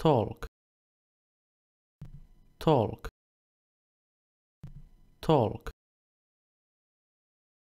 talk talk talk